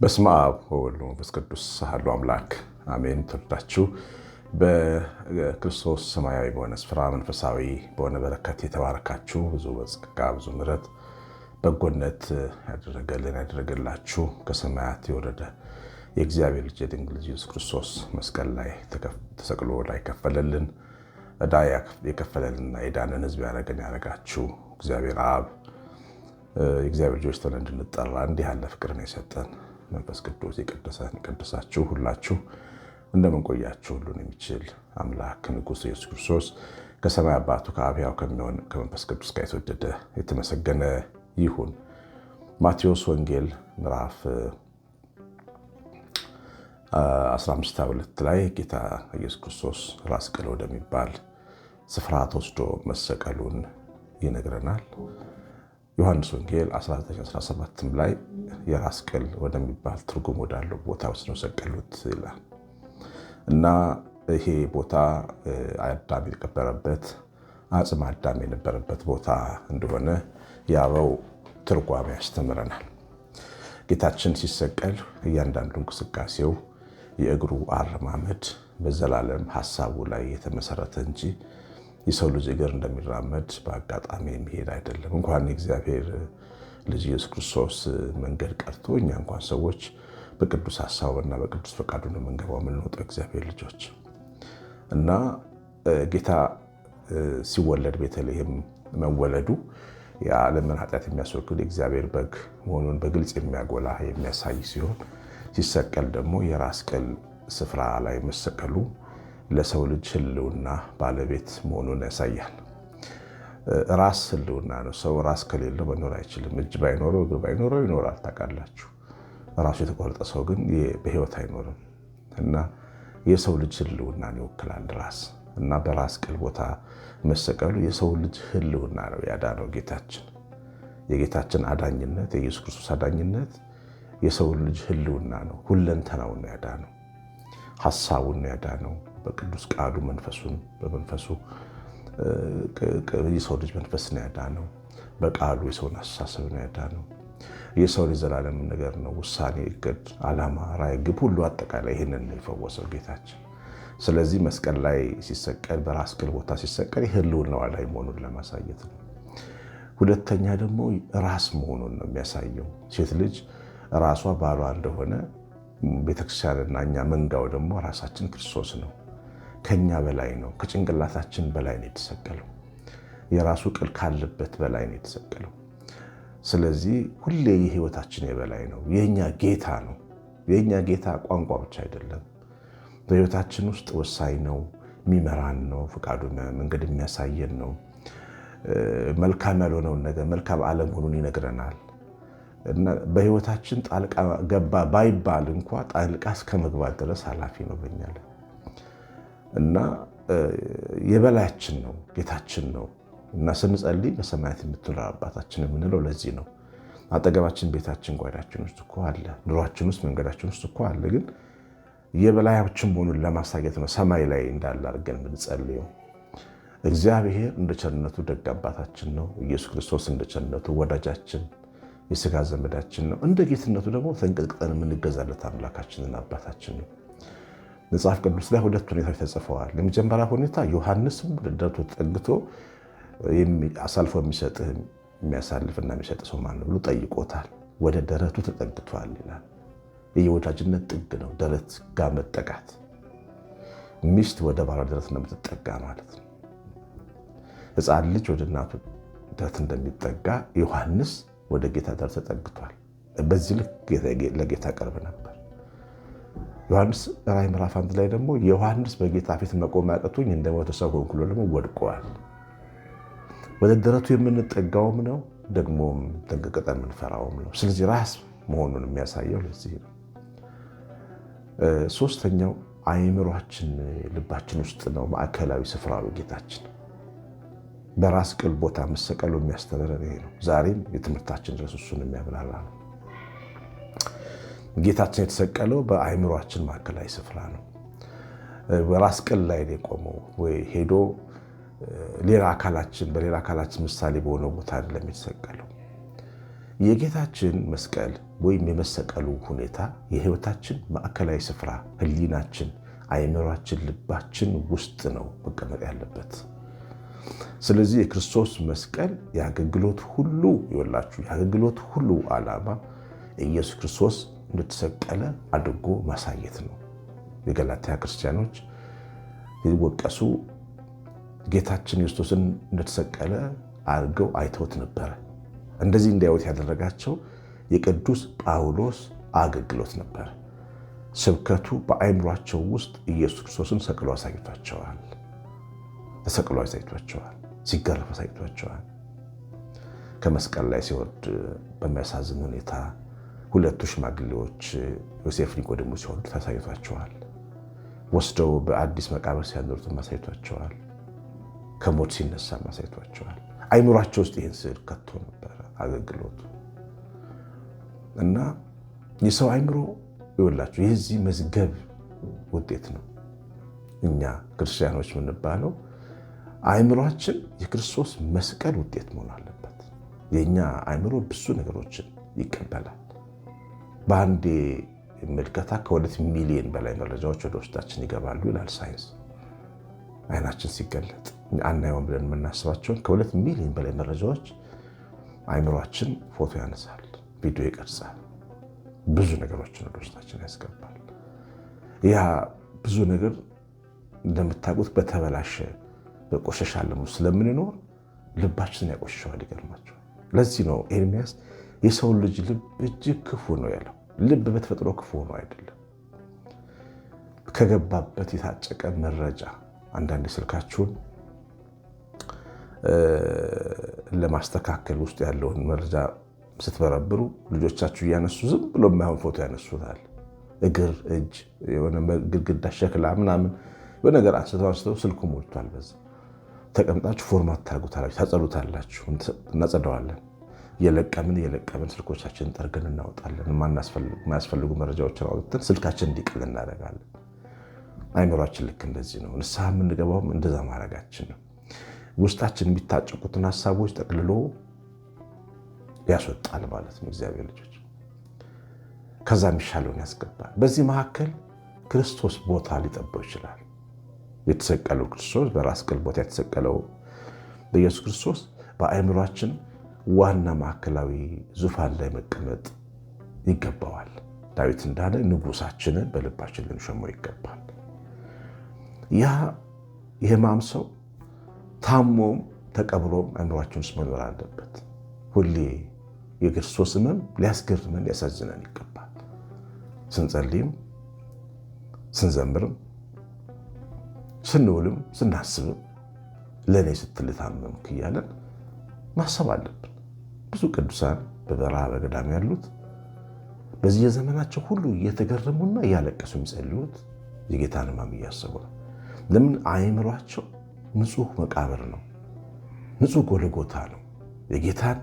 በስመ አብ ወወልድ ወመንፈስ ቅዱስ አሐዱ አምላክ አሜን። ትወዳችሁ በክርስቶስ ሰማያዊ በሆነ ስፍራ መንፈሳዊ በሆነ በረከት የተባረካችሁ ብዙ በጸጋ ብዙ ምሕረት በጎነት ያደረገልን ያደረገላችሁ ከሰማያት የወረደ የእግዚአብሔር ልጅ የድንግል ኢየሱስ ክርስቶስ መስቀል ላይ ተሰቅሎ ላይ ከፈለልን እዳ የከፈለንና የዳንን ህዝብ ያደረገን ያደረጋችሁ እግዚአብሔር አብ የእግዚአብሔር ልጆች ተን እንድንጠራ እንዲህ ያለ ፍቅርን የሰጠን መንፈስ ቅዱስ የቀደሳችሁ ሁላችሁ እንደምንቆያችሁ ሁሉን የሚችል አምላክ ንጉሥ ኢየሱስ ክርስቶስ ከሰማይ አባቱ ከአብያው ከሚሆን ከመንፈስ ቅዱስ ጋር የተወደደ የተመሰገነ ይሁን። ማቴዎስ ወንጌል ምዕራፍ 1522 ላይ ጌታ ኢየሱስ ክርስቶስ ራስ ቅል ወደሚባል ስፍራ ተወስዶ መሰቀሉን ይነግረናል። ዮሐንስ ወንጌል 1917 ላይ የራስ ቅል ወደሚባል ትርጉም ወዳለው ቦታ ወስደው ሰቀሉት ይላል እና ይሄ ቦታ አዳም የተቀበረበት አጽም አዳም የነበረበት ቦታ እንደሆነ የአበው ትርጓሜ ያስተምረናል። ጌታችን ሲሰቀል እያንዳንዱ እንቅስቃሴው የእግሩ አረማመድ በዘላለም ሀሳቡ ላይ የተመሰረተ እንጂ የሰው ልጅ እግር እንደሚራመድ በአጋጣሚ የሚሄድ አይደለም። እንኳን የእግዚአብሔር ልጅ ኢየሱስ ክርስቶስ መንገድ ቀርቶ እኛ እንኳን ሰዎች በቅዱስ ሀሳቡና በቅዱስ ፈቃዱ ነው የምንገባው የምንወጣው እግዚአብሔር ልጆች እና ጌታ ሲወለድ ቤተልሔም መወለዱ የዓለምን ኃጢአት የሚያስወግድ የእግዚአብሔር በግ መሆኑን በግልጽ የሚያጎላ የሚያሳይ ሲሆን ሲሰቀል ደግሞ የራስ ቅል ስፍራ ላይ መሰቀሉ ለሰው ልጅ ህልውና ባለቤት መሆኑን ያሳያል። ራስ ህልውና ነው። ሰው ራስ ከሌለው መኖር አይችልም። እጅ ባይኖረው እግር ባይኖረው ይኖራል። ታውቃላችሁ። ራሱ የተቆረጠ ሰው ግን በህይወት አይኖርም እና የሰው ልጅ ህልውና ይወክላል ራስ እና በራስ ቅል ቦታ መሰቀሉ የሰው ልጅ ህልውና ነው ያዳነው ጌታችን የጌታችን አዳኝነት የኢየሱስ ክርስቶስ አዳኝነት የሰው ልጅ ህልውና ነው። ሁለንተናውን ነው ያዳነው፣ ሀሳቡን ነው ያዳነው። በቅዱስ ቃሉ መንፈሱን በመንፈሱ የሰው ልጅ ያዳ ነው ያዳነው። በቃሉ የሰውን ያዳ ነው ያዳነው። የሰው ልጅ ዘላለም ነገር ነው። ውሳኔ፣ እቅድ፣ አላማ ራዕይ፣ ግብ ሁሉ አጠቃላይ ይህንን ነው የፈወሰው ጌታችን። ስለዚህ መስቀል ላይ ሲሰቀል በራስ ቅል ቦታ ሲሰቀል ህልውናዋ ላይ መሆኑን ለማሳየት ነው። ሁለተኛ ደግሞ ራስ መሆኑን ነው የሚያሳየው ሴት ልጅ ራሷ ባሏ እንደሆነ ቤተክርስቲያንና እኛ መንጋው ደግሞ ራሳችን ክርስቶስ ነው። ከኛ በላይ ነው። ከጭንቅላታችን በላይ ነው የተሰቀለው። የራሱ ቅል ካለበት በላይ ነው የተሰቀለው። ስለዚህ ሁሌ የህይወታችን የበላይ ነው። የእኛ ጌታ ነው። የእኛ ጌታ ቋንቋ ብቻ አይደለም። በህይወታችን ውስጥ ወሳኝ ነው። የሚመራን ነው። ፈቃዱ መንገድ የሚያሳየን ነው። መልካም ያልሆነውን ነገር መልካም አለመሆኑን ይነግረናል። በህይወታችን ጣልቃ ገባ ባይባል እንኳ ጣልቃ እስከ መግባት ድረስ ኃላፊ ነው በኛ ላይ እና የበላያችን ነው ጌታችን ነው እና ስንጸልይ በሰማያት የምትኖር አባታችን የምንለው ለዚህ ነው። አጠገባችን፣ ቤታችን፣ ጓዳችን ውስጥ እኮ አለ፣ ኑሯችን ውስጥ መንገዳችን ውስጥ እኮ አለ። ግን የበላያችን መሆኑን ለማሳየት ነው ሰማይ ላይ እንዳለ አድርገን የምንጸልየው። እግዚአብሔር እንደ ቸርነቱ ደግ አባታችን ነው። ኢየሱስ ክርስቶስ እንደ ቸርነቱ ወዳጃችን የስጋ ዘመዳችን ነው። እንደ ጌትነቱ ደግሞ ተንቀጥቅጠን የምንገዛለት አምላካችንና አባታችን ነው። መጽሐፍ ቅዱስ ላይ ሁለት ሁኔታዎች ተጽፈዋል። የመጀመሪያ ሁኔታ ዮሐንስም ደረቱ ተጠግቶ አሳልፎ የሚሰጥህ የሚያሳልፍና የሚሰጥ ሰው ማን ነው ብሎ ጠይቆታል። ወደ ደረቱ ተጠግቷል ይላል። የወዳጅነት ጥግ ነው፣ ደረት ጋር መጠጋት። ሚስት ወደ ባሏ ደረት የምትጠጋ ማለት ነው። ሕፃን ልጅ ወደ እናቱ ደረት እንደሚጠጋ ዮሐንስ ወደ ጌታ ጋር ተጠግቷል። በዚህ ልክ ለጌታ ቀርብ ነበር። ዮሐንስ ራእይ ምዕራፍ አንድ ላይ ደግሞ ዮሐንስ በጌታ ፊት መቆም አቅቶኝ እንደ ሞተ ሰው ሆንኩ ደግሞ ወድቀዋል። ወደ ደረቱ የምንጠጋውም ነው ደግሞም ተንቀጠን የምንፈራውም ነው። ስለዚህ ራስ መሆኑን የሚያሳየው ለዚህ ነው። ሶስተኛው አይምሯችን ልባችን ውስጥ ነው ማዕከላዊ ስፍራዊ ጌታችን በራስ ቅል ቦታ መሰቀሉ የሚያስተምረን ይሄ ነው። ዛሬም የትምህርታችን ድረስ እሱን የሚያብራራ ነው። ጌታችን የተሰቀለው በአእምሯችን ማዕከላዊ ስፍራ ነው። በራስ ቅል ላይ የቆመው ወይ ሄዶ ሌላ አካላችን በሌላ አካላችን ምሳሌ በሆነ ቦታ አይደለም የተሰቀለው። የጌታችን መስቀል ወይም የመሰቀሉ ሁኔታ የህይወታችን ማዕከላዊ ስፍራ ህሊናችን አይምሯችን ልባችን ውስጥ ነው መቀመጥ ያለበት። ስለዚህ የክርስቶስ መስቀል የአገልግሎት ሁሉ ይወላችሁ የአገልግሎት ሁሉ ዓላማ ኢየሱስ ክርስቶስ እንደተሰቀለ አድርጎ ማሳየት ነው። የገላትያ ክርስቲያኖች ሊወቀሱ ጌታችን ክርስቶስን እንደተሰቀለ አድርገው አይተውት ነበረ። እንደዚህ እንዲያዩት ያደረጋቸው የቅዱስ ጳውሎስ አገልግሎት ነበር። ስብከቱ በአይምሯቸው ውስጥ ኢየሱስ ክርስቶስን ሰቅሎ አሳይቷቸዋል። ተሰቅሎ ሳይቷቸዋል ሲገረፍ አሳይቷቸዋል። ከመስቀል ላይ ሲወርድ በሚያሳዝን ሁኔታ ሁለቱ ሽማግሌዎች ዮሴፍ ኒቆዲሞ ሲወርዱ ታሳይቷቸዋል። ወስደው በአዲስ መቃብር ሲያኖሩት ማሳይቷቸዋል። ከሞት ሲነሳ ማሳይቷቸዋል። አይምሯቸው ውስጥ ይህን ስዕል ከቶ ነበረ አገልግሎቱ እና የሰው አይምሮ ይወላቸው የዚህ መዝገብ ውጤት ነው። እኛ ክርስቲያኖች የምንባለው አእምሯችን የክርስቶስ መስቀል ውጤት መሆን አለበት። የእኛ አእምሮ ብዙ ነገሮችን ይቀበላል። በአንዴ ምልከታ ከሁለት ሚሊዮን በላይ መረጃዎች ወደ ውስጣችን ይገባሉ ይላል ሳይንስ። አይናችን ሲገለጥ አናየውን ብለን የምናስባቸውን ከሁለት ሚሊዮን በላይ መረጃዎች አእምሯችን ፎቶ ያነሳል፣ ቪዲዮ ይቀርጻል፣ ብዙ ነገሮችን ወደ ውስጣችን ያስገባል። ያ ብዙ ነገር እንደምታውቁት በተበላሸ በቆሻሻ ዓለም ውስጥ ስለምንኖር ልባችንን ያቆሸሸዋል። ይገርማቸዋል። ለዚህ ነው ኤርሚያስ የሰውን ልጅ ልብ እጅግ ክፉ ነው ያለው። ልብ በተፈጥሮ ክፉ ነው አይደለም፣ ከገባበት የታጨቀ መረጃ። አንዳንድ ስልካችሁን ለማስተካከል ውስጥ ያለውን መረጃ ስትበረብሩ ልጆቻችሁ እያነሱ ዝም ብሎ የማይሆን ፎቶ ያነሱታል። እግር፣ እጅ፣ የሆነ ግድግዳ፣ ሸክላ ምናምን በነገር አንስተው አንስተው ስልኩ ሞልቷል በዛ ተቀምጣችሁ ፎርማት ታርጉታላችሁ፣ ታጸሉታላችሁ፣ እናጸደዋለን። የለቀምን የለቀምን ስልኮቻችን ጠርገን እናወጣለን። የማያስፈልጉ መረጃዎችን አውጥተን ስልካችን እንዲቀል እናደርጋለን። አይምሯችን ልክ እንደዚህ ነው። ንስሐ የምንገባውም እንደዛ ማድረጋችን ነው። ውስጣችን የሚታጨቁትን ሀሳቦች ጠቅልሎ ያስወጣል ማለት ነው። እግዚአብሔር ልጆች ከዛ የሚሻለውን ያስገባል። በዚህ መካከል ክርስቶስ ቦታ ሊጠበው ይችላል። የተሰቀለው ክርስቶስ በራስ ቅል ቦታ የተሰቀለው በኢየሱስ ክርስቶስ በአእምሯችን ዋና ማዕከላዊ ዙፋን ላይ መቀመጥ ይገባዋል። ዳዊት እንዳለ ንጉሳችንን በልባችን ልንሸመው ይገባል። ያ የሕማም ሰው ታሞም ተቀብሮም አእምሯችን ውስጥ መኖር አለበት። ሁሌ የክርስቶስ ሕመም ሊያስገርመን ሊያሳዝነን ይገባል። ስንጸልይም ስንዘምርም ስንውልም ስናስብም ለእኔ ስትል ታመምክ እያለን ማሰብ አለብን። ብዙ ቅዱሳን በበረሃ በገዳም ያሉት በዚህ የዘመናቸው ሁሉ እየተገረሙና እያለቀሱ የሚጸልዩት የጌታን ሕማም እያሰቡ ነው። ለምን? አእምሯቸው ንጹህ መቃብር ነው፣ ንጹህ ጎልጎታ ነው። የጌታን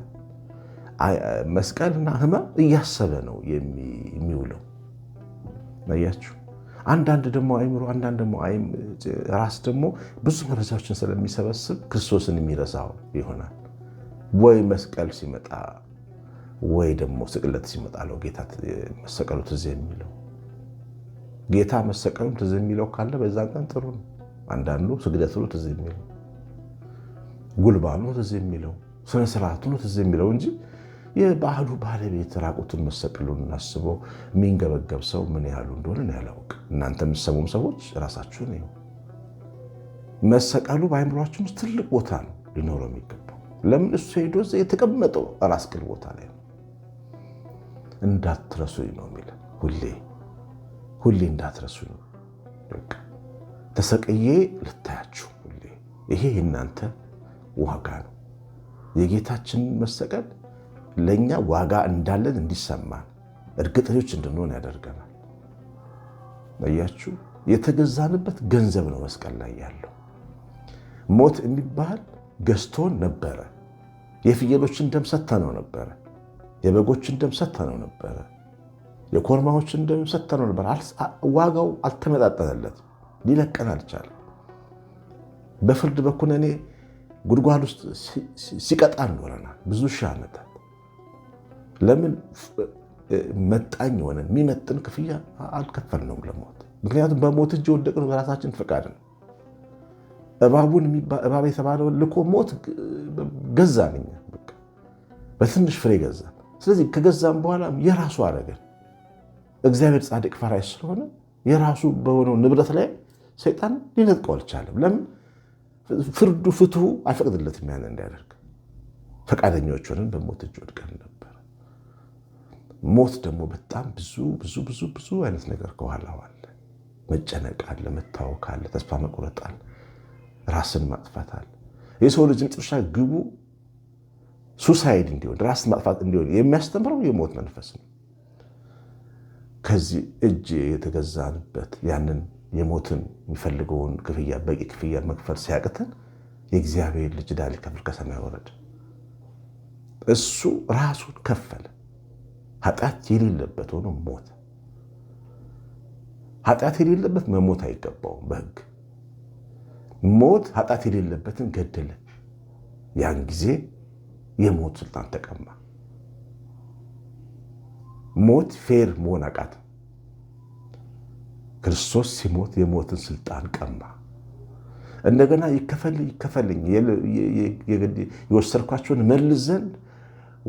መስቀልና ሕማም እያሰበ ነው የሚውለው። አያችሁ? አንዳንድ ደግሞ አይምሮ አንዳንድ ደግሞ ራስ ደግሞ ብዙ መረጃዎችን ስለሚሰበስብ ክርስቶስን የሚረሳው ይሆናል። ወይ መስቀል ሲመጣ ወይ ደግሞ ስቅለት ሲመጣ ነው ጌታ መሰቀሉ ትዝ የሚለው። ጌታ መሰቀሉም ትዝ የሚለው ካለ በዛን ቀን ጥሩ ነው። አንዳንዱ ስግደት ነው ትዝ የሚለው፣ ጉልባኑ ትዝ የሚለው፣ ስነስርዓቱ ነው ትዝ የሚለው እንጂ የባህሉ ባለቤት ራቁትን መሰቀሉን አስቦ የሚንገበገብ ሰው ምን ያህሉ እንደሆነ ያላውቅ። እናንተ የምትሰሙም ሰዎች ራሳችሁን ይኸው መሰቀሉ በአይምሯችን ውስጥ ትልቅ ቦታ ነው ሊኖረው የሚገባው። ለምን እሱ ሄዶ የተቀመጠው ራስ ቅል ቦታ ላይ ነው። እንዳትረሱኝ ነው የሚለን ሁሌ ሁሌ እንዳትረሱኝ ነው ተሰቅዬ ልታያችሁ ሁሌ። ይሄ የእናንተ ዋጋ ነው የጌታችን መሰቀል ለእኛ ዋጋ እንዳለን እንዲሰማን እርግጠኞች እንድንሆን ያደርገናል። አያችሁ፣ የተገዛንበት ገንዘብ ነው መስቀል ላይ ያለው። ሞት የሚባል ገዝቶን ነበረ። የፍየሎችን ደም ሰጥተነው ነበረ። የበጎችን ደም ሰጥተነው ነበረ። የኮርማዎችን ደም ሰጥተነው ነበረ። ዋጋው አልተመጣጠነለትም። ሊለቀን አልቻለም። በፍርድ በኩል እኔ ጉድጓድ ውስጥ ሲቀጣ እንደሆነና ብዙ ሺህ ዓመታት ለምን መጣኝ ሆነ? የሚመጥን ክፍያ አልከፈልነውም ለሞት። ምክንያቱም በሞት እጅ የወደቅነው በራሳችን ፈቃድ ነው። እባቡን እባብ የተባለውን ልኮ ሞት ገዛን፣ እኛ በትንሽ ፍሬ ገዛ። ስለዚህ ከገዛም በኋላ የራሱ አደረገን። እግዚአብሔር ጻድቅ ፈራሽ ስለሆነ የራሱ በሆነው ንብረት ላይ ሰይጣን ሊነጥቀው አልቻለም። ለምን ፍርዱ ፍትሁ አይፈቅድለትም ያን እንዲያደርግ። ፈቃደኞች ሆነን በሞት እጅ ወድቀን ሞት ደግሞ በጣም ብዙ ብዙ ብዙ ብዙ አይነት ነገር ከኋላው አለ። መጨነቅ አለ፣ መታወክ አለ፣ ተስፋ መቁረጥ አለ፣ ራስን ማጥፋት አለ። የሰው ልጅ መጨረሻ ግቡ ሱሳይድ እንዲሆን ራስን ማጥፋት እንዲሆን የሚያስተምረው የሞት መንፈስ ነው። ከዚህ እጅ የተገዛንበት ያንን የሞትን የሚፈልገውን ክፍያ በቂ ክፍያ መክፈል ሲያቅተን የእግዚአብሔር ልጅ ዕዳ ሊከፍል ከሰማይ ወረደ። እሱ ራሱን ከፈለ። ኃጢአት የሌለበት ሆኖ ሞት ኃጢአት የሌለበት መሞት አይገባውም። በህግ ሞት ኃጢአት የሌለበትን ገደለ። ያን ጊዜ የሞት ስልጣን ተቀማ። ሞት ፌር መሆን አቃተ። ክርስቶስ ሲሞት የሞትን ስልጣን ቀማ። እንደገና ይከፈልኝ ይከፈልኝ የወሰድኳቸውን መልስ ዘንድ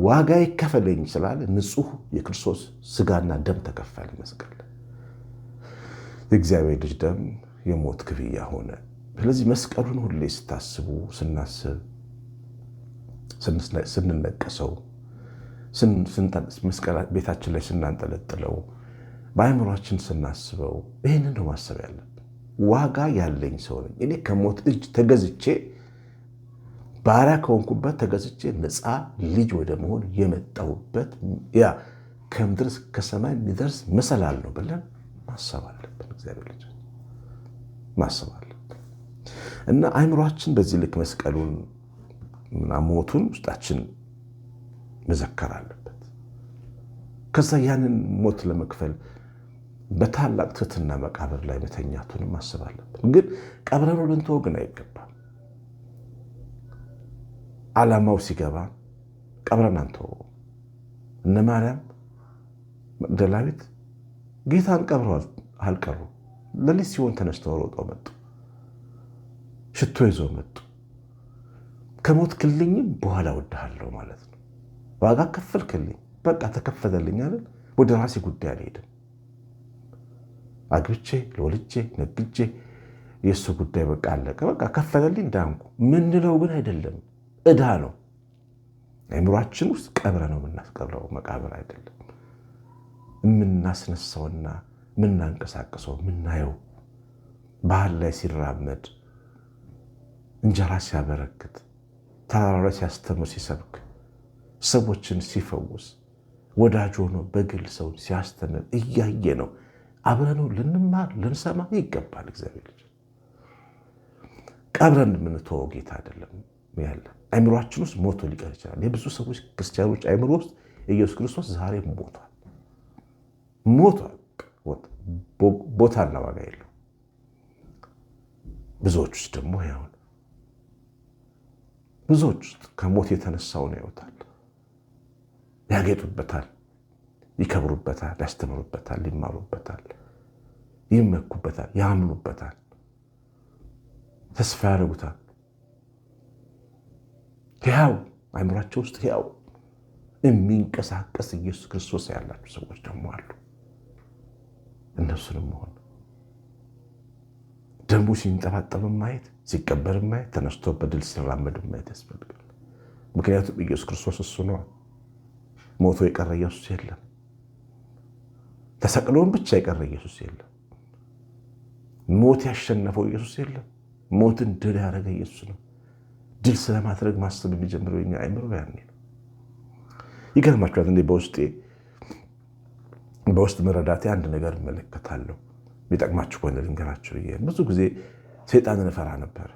ዋጋ ይከፈለኝ ስላለ ንጹህ የክርስቶስ ስጋና ደም ተከፈለ መስቀል የእግዚአብሔር ልጅ ደም የሞት ክፍያ ሆነ። ስለዚህ መስቀሉን ሁሌ ስታስቡ፣ ስናስብ፣ ስንነቀሰው፣ ቤታችን ላይ ስናንጠለጥለው፣ በአእምሯችን ስናስበው ይህንን ነው ማሰብ ያለብን። ዋጋ ያለኝ ሰው ነኝ እኔ ከሞት እጅ ተገዝቼ ባሪያ ከሆንኩበት ተገዝቼ ነፃ ልጅ ወደ መሆን የመጣሁበት ያ ከምድር ከሰማይ የሚደርስ መሰላል ነው ብለን ማሰብ አለብን። እግዚአብሔር ልጅ ማሰብ አለብን እና አይምሯችን በዚህ ልክ መስቀሉን እና ሞቱን ውስጣችን መዘከር አለበት። ከዛ ያንን ሞት ለመክፈል በታላቅ ትትና መቃብር ላይ መተኛቱንም ማሰብ አለብን። ግን ቀብረን ልንተወግን ግን አይገባም። ዓላማው ሲገባ ቀብረን አንተው። እነ ማርያም መግደላዊት ጌታን ቀብረ አልቀሩ። ሌሊት ሲሆን ተነስተው ሮጠው መጡ። ሽቶ ይዞ መጡ። ከሞት ክልኝም በኋላ ወድሃለሁ ማለት ነው። ዋጋ ከፍል ክልኝ በቃ ተከፈተልኝ አይደል? ወደ ራሴ ጉዳይ አልሄድም። አግብቼ ለወልጄ ነግጄ የእሱ ጉዳይ በቃ አለቀ። በቃ ከፈለልኝ፣ ዳንኩ ምንለው ግን አይደለም። እዳ ነው። አይምሯችን ውስጥ ቀብረ ነው የምናስቀብረው፣ መቃብር አይደለም። የምናስነሳውና የምናንቀሳቀሰው የምናየው ባህር ላይ ሲራመድ እንጀራ ሲያበረክት ተራራ ላይ ሲያስተምር ሲሰብክ ሰዎችን ሲፈውስ ወዳጅ ሆኖ በግል ሰውን ሲያስተምር እያየ ነው። አብረኑ ልንማር ልንሰማ ይገባል። እግዚአብሔር ልጅ ቀብረን የምንተወው ጌታ አይደለም። ያለ አይምሯችን ውስጥ ሞቶ ሊቀር ይችላል። የብዙ ሰዎች ክርስቲያኖች አይምሮ ውስጥ ኢየሱስ ክርስቶስ ዛሬ ሞቷል፣ ሞቷል። ቦታና ዋጋ የለው። ብዙዎች ውስጥ ደግሞ ያው ብዙዎች ውስጥ ከሞት ነው ያዩታል፣ ያጌጡበታል፣ ይከብሩበታል፣ ያስተምሩበታል፣ ይማሩበታል፣ ይመኩበታል፣ ያምኑበታል፣ ተስፋ ያደርጉታል። ሕያው አይምራቸው ውስጥ ሕያው የሚንቀሳቀስ ኢየሱስ ክርስቶስ ያላቸው ሰዎች ደግሞ አሉ። እነሱንም መሆን ደሙ ሲንጠባጠብ ማየት፣ ሲቀበር ማየት፣ ተነስቶ በድል ሲራመድ ማየት ያስፈልጋል። ምክንያቱም ኢየሱስ ክርስቶስ እሱ ነው። ሞቶ የቀረ ኢየሱስ የለም። ተሰቅሎን ብቻ የቀረ ኢየሱስ የለም። ሞት ያሸነፈው ኢየሱስ የለም። ሞትን ድል ያደረገ ኢየሱስ ነው። ድል ስለማድረግ ማሰብ የሚጀምረው የኛ አይምሮ ያኔ ነው። ይገርማችኋል። እንዴ በውስጤ በውስጥ መረዳቴ አንድ ነገር እመለከታለሁ። የሚጠቅማችሁ ከሆነ ልንገራችሁ። ብዙ ጊዜ ሰይጣንን እፈራ ነበር።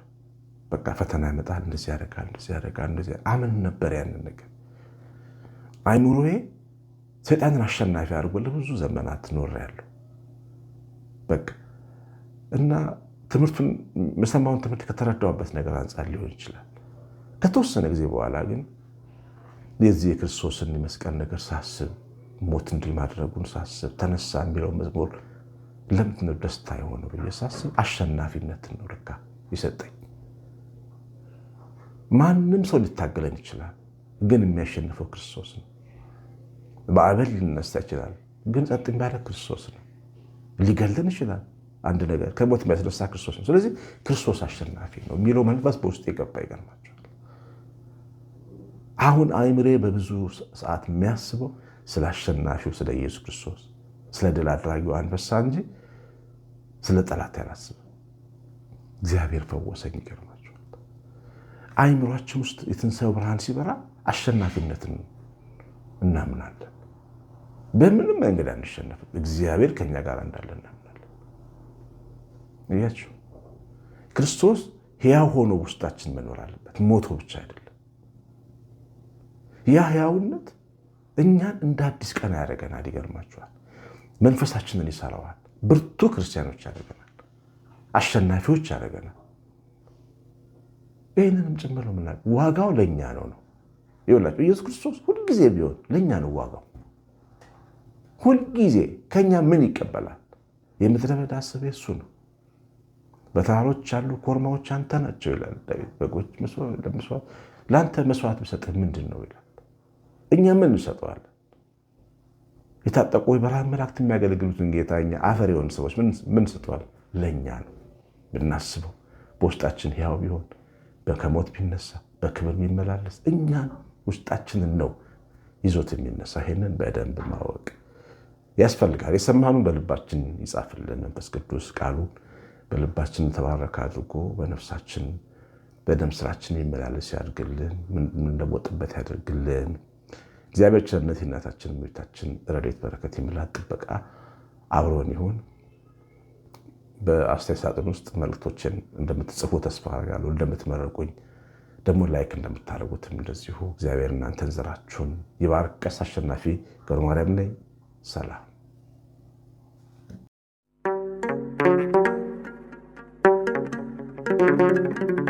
በቃ ፈተና ያመጣል፣ እንደዚህ ያደርጋል፣ እንደዚህ ያደርጋል፣ እንደዚህ አምን ነበር። ያንን ነገር አይምሮዬ ሰይጣንን አሸናፊ አድርጎ ለብዙ ዘመናት ኖሬያለሁ። በቃ እና ትምህርቱን የምሰማውን ትምህርት ከተረዳሁበት ነገር አንጻር ሊሆን ይችላል። ከተወሰነ ጊዜ በኋላ ግን የዚህ የክርስቶስን የመስቀል ነገር ሳስብ፣ ሞት እንዲህ ማድረጉን ሳስብ፣ ተነሳ የሚለው መዝሙር ለምንድነው ደስታ የሆነው ብዬ ሳስብ አሸናፊነትን ነው ለካ ይሰጠኝ። ማንም ሰው ሊታገለን ይችላል፣ ግን የሚያሸንፈው ክርስቶስ ነው። በአበል ሊነሳ ይችላል፣ ግን ጸጥ ባለ ክርስቶስ ነው። ሊገለን ይችላል አንድ ነገር ከሞት የሚያስነሳ ክርስቶስ ነው። ስለዚህ ክርስቶስ አሸናፊ ነው የሚለው መንፈስ በውስጥ የገባ ይገርማቸው አሁን አይምሬ በብዙ ሰዓት የሚያስበው ስለ አሸናፊው ስለ ኢየሱስ ክርስቶስ ስለ ድል አድራጊው አንበሳ እንጂ ስለ ጠላት ያላስብ። እግዚአብሔር ፈወሰኝ። ይገርማቸዋል አይምሯችን ውስጥ የትንሣኤው ብርሃን ሲበራ አሸናፊነትን እናምናለን። በምንም መንገድ አንሸነፍም። እግዚአብሔር ከኛ ጋር እንዳለ እናምናለን። እያችሁ ክርስቶስ ሕያው ሆኖ ውስጣችን መኖር አለበት። ሞቶ ብቻ አይደለም። ያ ህያውነት እኛን እንደ አዲስ ቀና ያደርገናል። ይገርማችኋል። መንፈሳችንን ይሰራዋል። ብርቱ ክርስቲያኖች ያደርገናል። አሸናፊዎች ያደርገናል። ይህንንም ጭምር ነው ምና ዋጋው ለእኛ ነው ነው ይላቸው ኢየሱስ ክርስቶስ ሁልጊዜ ቢሆን ለእኛ ነው ዋጋው። ሁልጊዜ ከእኛ ምን ይቀበላል? የምድረ በዳ ስብ የሱ ነው። በተራሮች ያሉ ኮርማዎች አንተ ናቸው ይላል። በጎች ለአንተ መስዋዕት ብሰጥህ ምንድን ነው ይላል። እኛ ምን እንሰጠዋለን? የታጠቁ የበረሃ መላእክት የሚያገለግሉትን ጌታ እኛ አፈር የሆኑ ሰዎች ምን ስጠዋል? ለእኛ ነው ብናስበው፣ በውስጣችን ሕያው ቢሆን ከሞት ቢነሳ በክብር የሚመላለስ እኛን ውስጣችንን ነው ይዞት የሚነሳ ይሄንን በደንብ ማወቅ ያስፈልጋል። የሰማኑ በልባችን ይጻፍልን መንፈስ ቅዱስ ቃሉ በልባችን ተባረከ አድርጎ በነፍሳችን በደም ስራችን ይመላለስ ያድርግልን፣ የምንለወጥበት ያደርግልን። እግዚአብሔር ቸርነት የእናታችን እመቤታችን ረድኤት በረከት የምላት ጥበቃ አብሮን ይሁን። በአስተያየት ሳጥን ውስጥ መልእክቶችን እንደምትጽፉ ተስፋ አደርጋለሁ። እንደምትመረቁኝ ደግሞ ላይክ እንደምታደርጉትም እንደዚሁ እግዚአብሔር እናንተን ዘራችሁን ይባርክ። ቀሲስ አሸናፊ ገብረ ማርያም ነኝ። ሰላም Thank you.